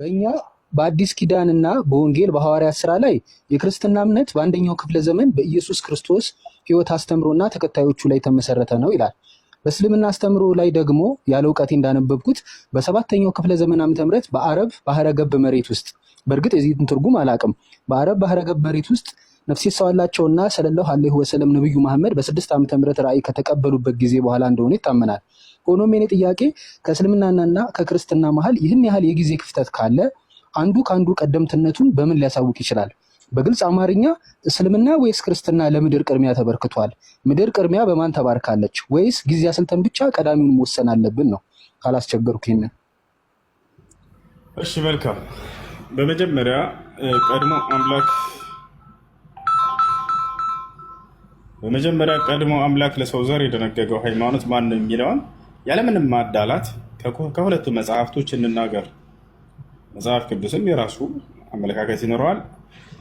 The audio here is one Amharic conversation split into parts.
በእኛ በአዲስ ኪዳን እና በወንጌል በሐዋርያት ስራ ላይ የክርስትና እምነት በአንደኛው ክፍለ ዘመን በኢየሱስ ክርስቶስ ህይወት አስተምሮና ተከታዮቹ ላይ ተመሰረተ ነው ይላል። በእስልምና አስተምሮ ላይ ደግሞ ያለ እውቀቴ እንዳነበብኩት በሰባተኛው ክፍለ ዘመን ዓመተ ምህረት በአረብ ባህረ ገብ መሬት ውስጥ በእርግጥ የዚህን ትርጉም አላቅም በአረብ ባህረ ገብ መሬት ውስጥ ነፍሲ ሰዋላቸውና ሰለላሁ ዐለይሂ ወሰለም ነብዩ መሐመድ በስድስት ዓመተ ምህረት ራእይ ከተቀበሉበት ጊዜ በኋላ እንደሆነ ይታመናል። ሆኖም የኔ ጥያቄ ከእስልምናና ከክርስትና መሀል ይህን ያህል የጊዜ ክፍተት ካለ አንዱ ከአንዱ ቀደምትነቱን በምን ሊያሳውቅ ይችላል? በግልጽ አማርኛ እስልምና ወይስ ክርስትና ለምድር ቅድሚያ ተበርክቷል? ምድር ቅድሚያ በማን ተባርካለች? ወይስ ጊዜ አስልተን ብቻ ቀዳሚውን መወሰን አለብን ነው? ካላስቸገርኩ ይህንን። እሺ መልካም። በመጀመሪያ ቀድሞ አምላክ በመጀመሪያ ቀድሞ አምላክ ለሰው ዘር የደነገገው ሃይማኖት ማን ነው የሚለውን ያለምንም ማዳላት ከሁለቱ መጽሐፍቶች እንናገር። መጽሐፍ ቅዱስም የራሱ አመለካከት ይኖረዋል።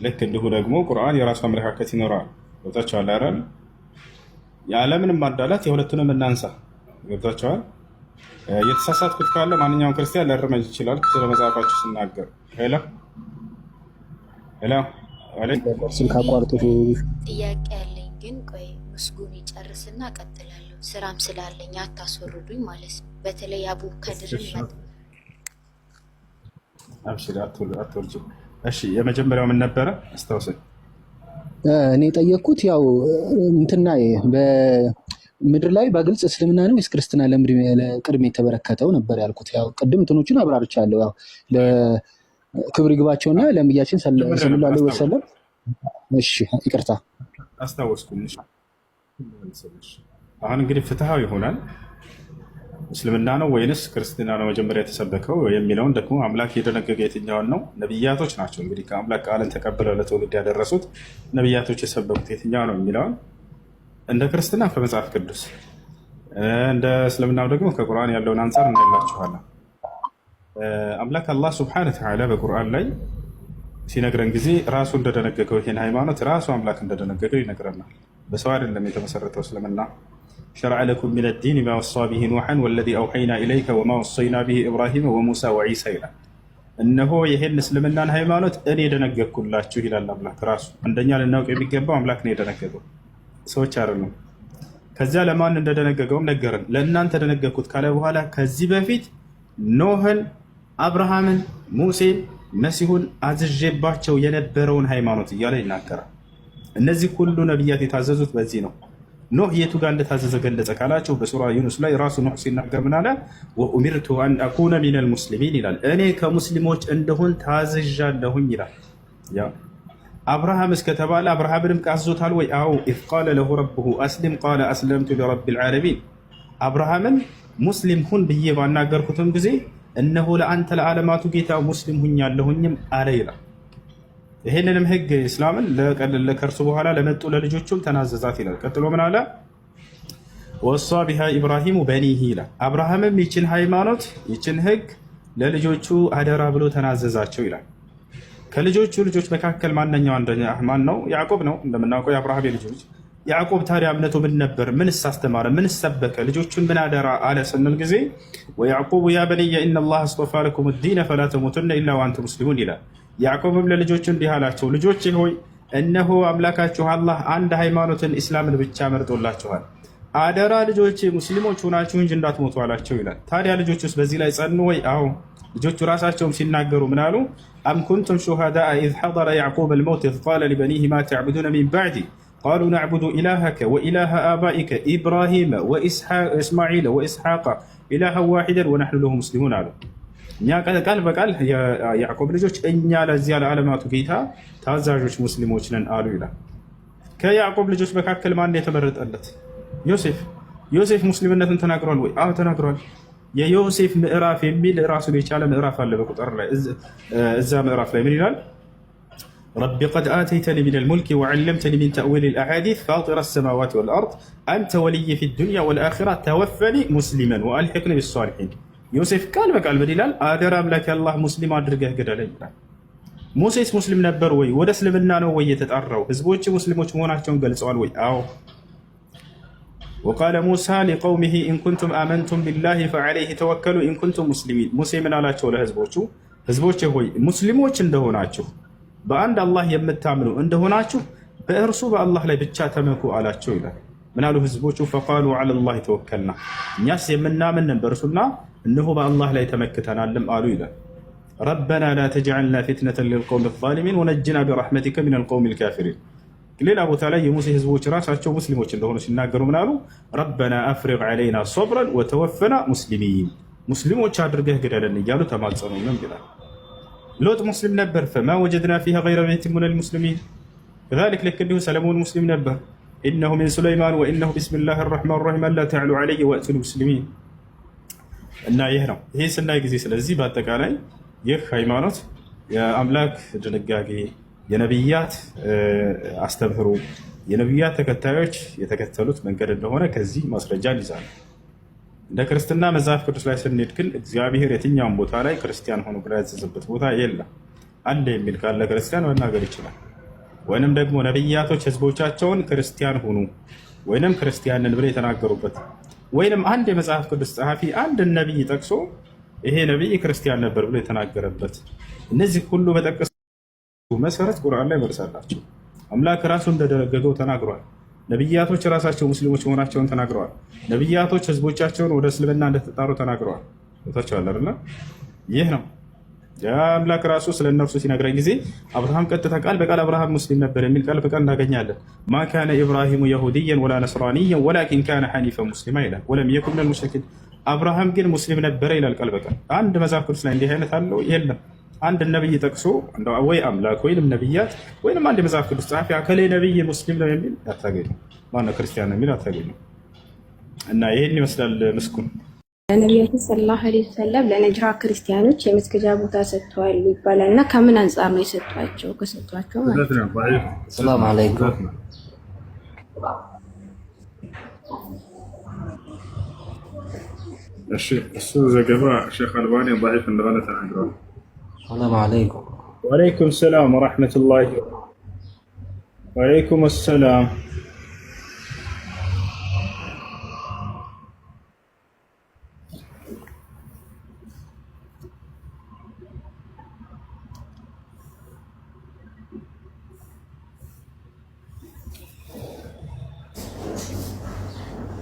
ልክ እንዲሁ ደግሞ ቁርአን የራሱ አመለካከት ይኖረዋል። ገብታችኋል አይደል? ያለምንም ማዳላት የሁለቱንም እናንሳ። ገብታችኋል? የተሳሳትኩት ካለ ማንኛውም ክርስቲያን ሊያርመኝ ይችላል። ስለ ስናገር ሄላ ሄላ ቁርስን ጥያቄ ያለ ግን ቆይ ምስጉን ይጨርስና እቀጥላለሁ። ስራም ስላለኝ አታስወርዱኝ ማለት ነው። በተለይ አቡ ከድርን አትወርጅም። እሺ የመጀመሪያው ምን ነበረ አስታውሰኝ። እኔ የጠየቅኩት ያው እንትና በምድር ላይ በግልጽ እስልምና ነው ወይስ ክርስትና ለቅድሜ የተበረከተው ነበር ያልኩት። ያው ቅድም እንትኖችን አብራርቻለሁ። ያው ለክብር ይግባቸውና ለምያችን ሰለላሁ ዐለይሂ ወሰለም። እሺ ይቅርታ አስታወስኩልሽ። አሁን እንግዲህ ፍትሃዊ ይሆናል እስልምና ነው ወይንስ ክርስትና ነው መጀመሪያ የተሰበከው የሚለውን ደግሞ አምላክ የደነገገ የትኛውን ነው? ነቢያቶች ናቸው እንግዲህ ከአምላክ ቃልን ተቀብለው ለትውልድ ያደረሱት ነቢያቶች የሰበኩት የትኛው ነው የሚለውን እንደ ክርስትና ከመጽሐፍ ቅዱስ እንደ እስልምናው ደግሞ ከቁርአን ያለውን አንጻር እናላችኋለን። አምላክ አላህ ስብሐነ ተዓላ በቁርአን ላይ ሲነግረን ጊዜ ራሱ እንደደነገገው ይሄን ሃይማኖት ራሱ አምላክ እንደደነገገው ይነግረናል። በሰው አይደለም የተመሰረተው እስልምና። ሸርዐ ለኩም ሚነ ዲን ማ ወሳ ብሂ ኑሐን ወለዚ አውሐይና ኢለይከ ወማ ወሰይና ብሂ ኢብራሂመ ወሙሳ ወዒሳ ይላል። እነሆ ይሄን እስልምናን ሃይማኖት እኔ የደነገግኩላችሁ ይላል አምላክ ራሱ። አንደኛ ልናውቅ የሚገባው አምላክ ነው የደነገገው፣ ሰዎች አይደሉም። ከዚያ ለማን እንደደነገገውም ነገርን። ለእናንተ ደነገግኩት ካለ በኋላ ከዚህ በፊት ኖህን አብርሃምን፣ ሙሴን፣ መሲሁን አዝዤባቸው የነበረውን ሃይማኖት እያለ ይናገራል። እነዚህ ሁሉ ነቢያት የታዘዙት በዚህ ነው። ኖህ የቱ ጋር እንደታዘዘ ገለጸ ካላቸው በሱራ ዩኑስ ላይ ራሱ ኖህ ሲናገር ምን አለ? ወኡሚርቱ አን አኩነ ሚነል ሙስሊሚን ይላል። እኔ ከሙስሊሞች እንደሆን ታዝዣለሁኝ ይላል። አብርሃም እስከተባለ አብርሃምንም ቃዝዞታል ወይ? አዎ ኢዝ ቃለ ለሁ ረብሁ አስሊም ቃለ አስለምቱ ሊረቢል ዓለሚን አብርሃምን ሙስሊም ሁን ብዬ ባናገርኩትም ጊዜ እነሆ ለአንተ ለዓለማቱ ጌታ ሙስሊም ሁኛለሁኝም አለ ይላል። ይህንንም ህግ እስላምን ከእርሱ በኋላ ለመጡ ለልጆቹም ተናዘዛት ይላል። ቀጥሎ ምን አለ? ወሷ ቢሃ ኢብራሂሙ በኒህ ይላል። አብርሃምም ይችን ሃይማኖት ይችን ህግ ለልጆቹ አደራ ብሎ ተናዘዛቸው ይላል። ከልጆቹ ልጆች መካከል ማነኛው? አንደኛ ማን ነው? ያዕቆብ ነው። እንደምናውቀው የአብርሃም የልጅ ያዕቆብ ታዲያ እምነቱ ምን ነበር? ምን አስተማረ? ምን ሰበከ? ልጆቹን ምን አደራ አለ ስንል ጊዜ ወያዕቆቡ ያ በንየ እና ላ አስጠፋ ለኩም ዲነ ፈላ ተሞቱነ ኢላ ዋንቱ ሙስሊሙን ይላል። ያዕቆብም ለልጆቹ እንዲህ አላቸው፣ ልጆቼ ሆይ እነሆ አምላካችሁ አላህ አንድ ሃይማኖትን እስላምን ብቻ መርጦላችኋል። አደራ ልጆቼ ሙስሊሞች ሆናችሁ እንጂ እንዳትሞቱ አላቸው ይላል። ታዲያ ልጆች ውስጥ በዚህ ላይ ጸኑ ወይ? አዎ ልጆቹ ራሳቸውም ሲናገሩ ምን አሉ? አም ኩንቱም ሹሃዳ ኢዝ ሐደረ ያዕቁብ ልመውት ኢዝ ቃለ ሊበኒህ ማ ተዕቡዱነ ሚን ባዕዲ قالوا نعبد ኢላሃከ وإله آبائك ኢብራሂመ وإسحاق إسماعيل وإسحاق إلها واحدا ونحن له አሉ። እኛ ቃል በቃል የያዕቆብ ልጆች እኛ ለዚያ ለዓለማቱ ጌታ ታዛዦች ሙስሊሞች ነን አሉ ይላል። ከያዕቆብ ልጆች መካከል ማን የተመረጠለት? ዮሴፍ። ዮሴፍ ሙስሊምነትን ተናግሯል ወይ? አዎ ተናግሯል። የዮሴፍ ምዕራፍ የሚል ራሱን የቻለ ምዕራፍ አለ። በቁጥር ላይ እዛ ምዕራፍ ላይ ምን ይላል? رب قد آتيتني من الملك وعلمتني من تأويل الأحاديث فاطر السماوات والأرض أنت ولي في الدنيا والآخرة توفني مسلما وألحقني بالصالحين ዮሴፍ ቃል በቃል በዲላል አደራ አምላክ አላህ ሙስሊም አድርገህ ግደለኝ ይላል። ሙሴስ ሙስሊም ነበር ወይ? ወደ እስልምና ነው ወይ የተጣራው? ህዝቦች ሙስሊሞች መሆናቸውን ገልጸዋል ወይ? አዎ። ወቃለ ሙሳ ሊቀውሚሂ ኢንኩንቱም አመንቱም ቢላሂ ፈዐለይሂ ተወከሉ ኢንኩንቱም ሙስሊሚን። ሙሴ ምን አላቸው ለህዝቦቹ? ህዝቦች ሆይ ሙስሊሞች እንደሆናችሁ በአንድ አላህ የምታምኑ እንደሆናችሁ በእርሱ በአላህ ላይ ብቻ ተመኩ አላቸው ይላል። ምናሉ ህዝቦቹ ፈቃሉ አለላህ ተወከልና እኛስ የምናምን በእርሱና እነሆ በአላህ ላይ ተመክተናልም አሉ ይላል። ረበና ላ ተጅዐልና ፊትነተን ልልቀውም ዛሊሚን ወነጅና ቢረሕመቲከ ሚነል ቀውሚል ካፊሪን። ሌላ ቦታ ላይ የሙሴ ህዝቦች ራሳቸው ሙስሊሞች እንደሆኑ ሲናገሩ ምናሉ ረበና አፍሪግ ዐለይና ሶብረን ወተወፈና ሙስሊሚን፣ ሙስሊሞች አድርገህ ግደለን እያሉ ተማጸኑንም ይላል። ሎጥ ሙስሊም ነበር። ፈማ ወጀድና ፊሃ ገይረ ቤትን ሚነል ሙስሊሚን ከዛሊክ ልክ እንዲሁ ሰለሞን ሙስሊም ነበር። ኢነሁ ሚን ሱለይማን ወኢነሁ ቢስሚላሂ ረሕማን ረሒም አላ ተዕሉ ዐለይ ወእቱኒ ሙስሊሚን እና ይህ ነው ይሄ ስናይ ጊዜ ስለዚህ በአጠቃላይ ይህ ሃይማኖት የአምላክ ድንጋጌ የነቢያት አስተምህሮ የነቢያት ተከታዮች የተከተሉት መንገድ እንደሆነ ከዚህ ማስረጃ ይዛል። እንደ ክርስትና መጽሐፍ ቅዱስ ላይ ስንሄድ ግን እግዚአብሔር የትኛውን ቦታ ላይ ክርስቲያን ሆኖ ብላ ያዘዘበት ቦታ የለም። አለ የሚል ካለ ክርስቲያን መናገር ይችላል። ወይንም ደግሞ ነቢያቶች ህዝቦቻቸውን ክርስቲያን ሆኑ ወይንም ክርስቲያንን ብለው የተናገሩበት ወይንም አንድ የመጽሐፍ ቅዱስ ጸሐፊ አንድ ነቢይ ጠቅሶ ይሄ ነቢይ ክርስቲያን ነበር ብሎ የተናገረበት እነዚህ ሁሉ በጠቀሱ መሰረት ቁርአን ላይ መልስ አምላክ ራሱ እንደደነገገው ተናግሯል። ነቢያቶች ራሳቸው ሙስሊሞች መሆናቸውን ተናግረዋል። ነቢያቶች ህዝቦቻቸውን ወደ እስልምና እንደተጣሩ ተናግረዋል። ታቸዋል አይደለ? ይህ ነው የአምላክ ራሱ ስለ እነርሱ ሲነግረኝ ጊዜ አብርሃም ቀጥታ ቃል በቃል አብርሃም ሙስሊም ነበር የሚል ቃል በቃል እናገኛለን። ማ ካነ ኢብራሂሙ የሁድየን ወላ ነስራንየን ወላኪን ካነ ሐኒፈ ሙስሊማ ይላል። ወለም የኩም ሚነል ሙሽሪኪን አብርሃም ግን ሙስሊም ነበረ ይላል ቃል በቃል አንድ መጽሐፍ ቅዱስ ላይ እንዲህ አይነት አለው የለም። አንድ ነብይ ጠቅሶ ወይ አምላክ ወይም ነብያት ወይም አንድ የመጽሐፍ ቅዱስ ጸሐፊ አከሌ ነብይ ሙስሊም ነው የሚል አታገኙ። ማነው ክርስቲያን ነው የሚል አታገኙ። እና ይህን ይመስላል። ምስኩን ነቢያችን ሰለላሁ ዐለይሂ ወሰለም ለነጅራ ክርስቲያኖች የመስገጃ ቦታ ሰጥተዋል ይባላል እና ከምን አንጻር ነው የሰጧቸው? ከሰጧቸው ሰላም አለይኩም እሱ ዘገባ ሼክ አልባኒ ባሂፍ እንደሆነ ተናግረዋል። السلام عليكم وعليكم السلام ورحمة الله وعليكم السلام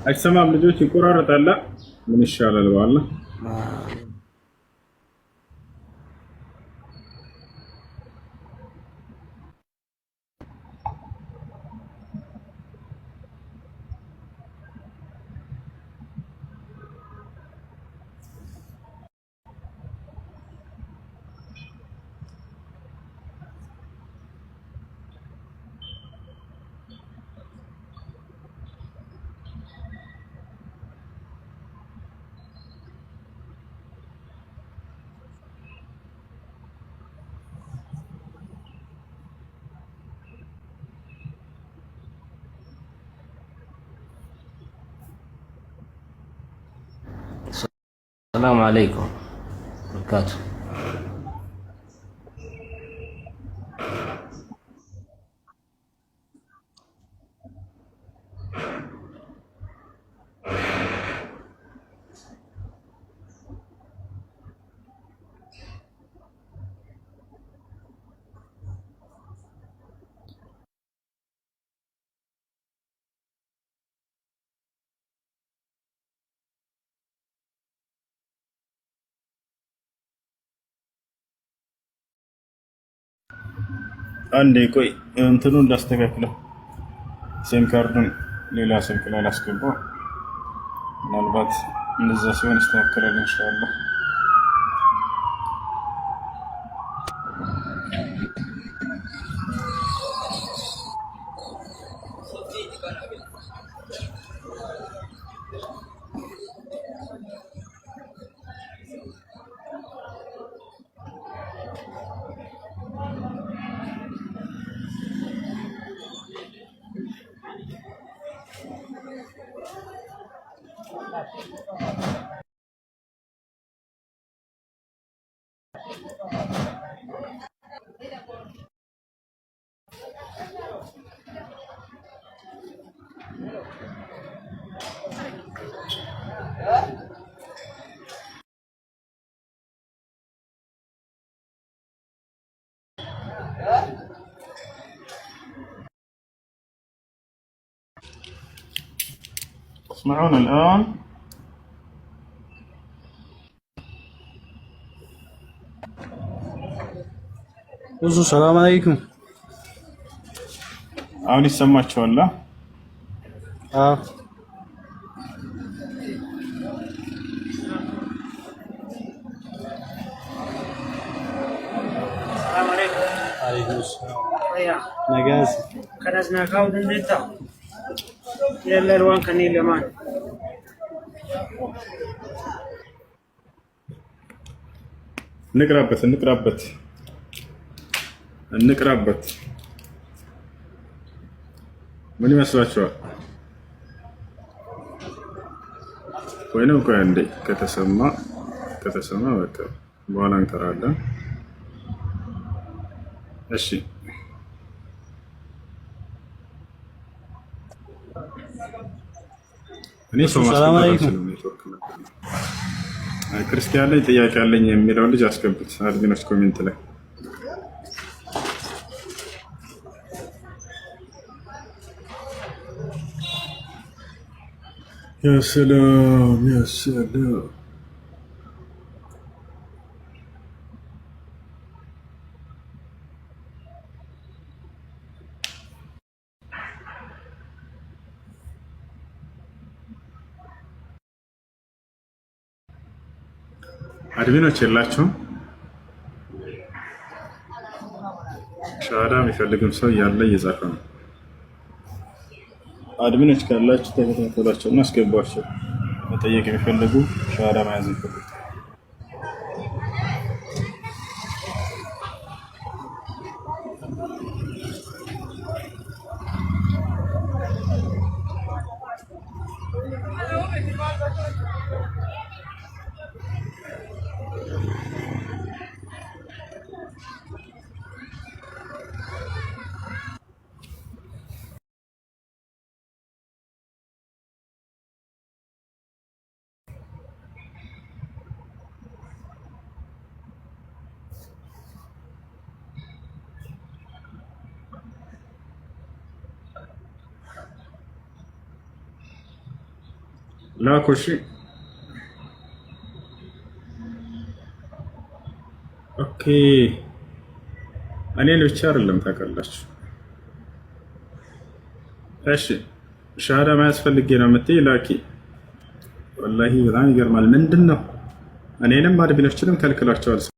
السلام بدوتي قرارة لا من الشارع اللي ሰላሙ አለይኩም በርካቱ አንዴ ቆይ እንትኑ እንዳስተካክለው ሲም ካርዱን ሌላ ስልክ ላይ ላስገባ። ምናልባት እንደዛ ሲሆን ይስተካከላል ኢንሻአላህ። تسمعون الآن ብዙ ሰላም አለይኩም። አሁን ይሰማችኋል? አዎ። Delle ruwan ka እንቅራበት እንቅራበት እንቅራበት። ምን ይመስላችኋል? ወይንም ቆይ እንዴ ከተሰማ ከተሰማ በቃ በኋላ እንጠራለን። እሺ እኔ ሰው ክርስቲያን ላይ ጥያቄ አለኝ የሚለው ልጅ አስገብት አድሚኖች ኮሜንት ላይ ያሰላም ያሰላም አድሚኖች የላችሁም? ሸሃዳ የሚፈልግም ሰው ያለ እየጻፈ ነው። አድሚኖች ካላችሁ ተከታተሏቸው እና አስገቧቸው። መጠየቅ የሚፈልጉ ሸሃዳ መያዝ ይፈልጉ ላኩ። እሺ ኦኬ። እኔን ብቻ አይደለም ታውቃላችሁ። እሺ ሻሃዳ ማያስፈልጌ ነው የምትይ ላኪ። ወላሂ በጣም ይገርማል። ምንድን ነው እኔንም አድሚኖችንም ከልክሏቸዋል።